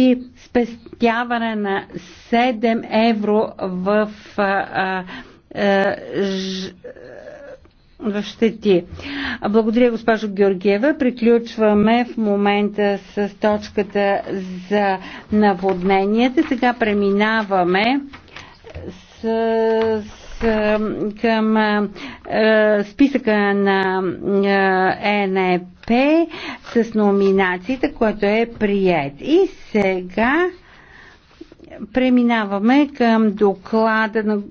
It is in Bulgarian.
и спестяване на 7 евро в а, а, ж, в щети. Благодаря, госпожо Георгиева. Приключваме в момента с точката за наводненията. Сега преминаваме с, с към а, списъка на е, ЕНЕП с номинацията, което е прият. И сега преминаваме към доклада на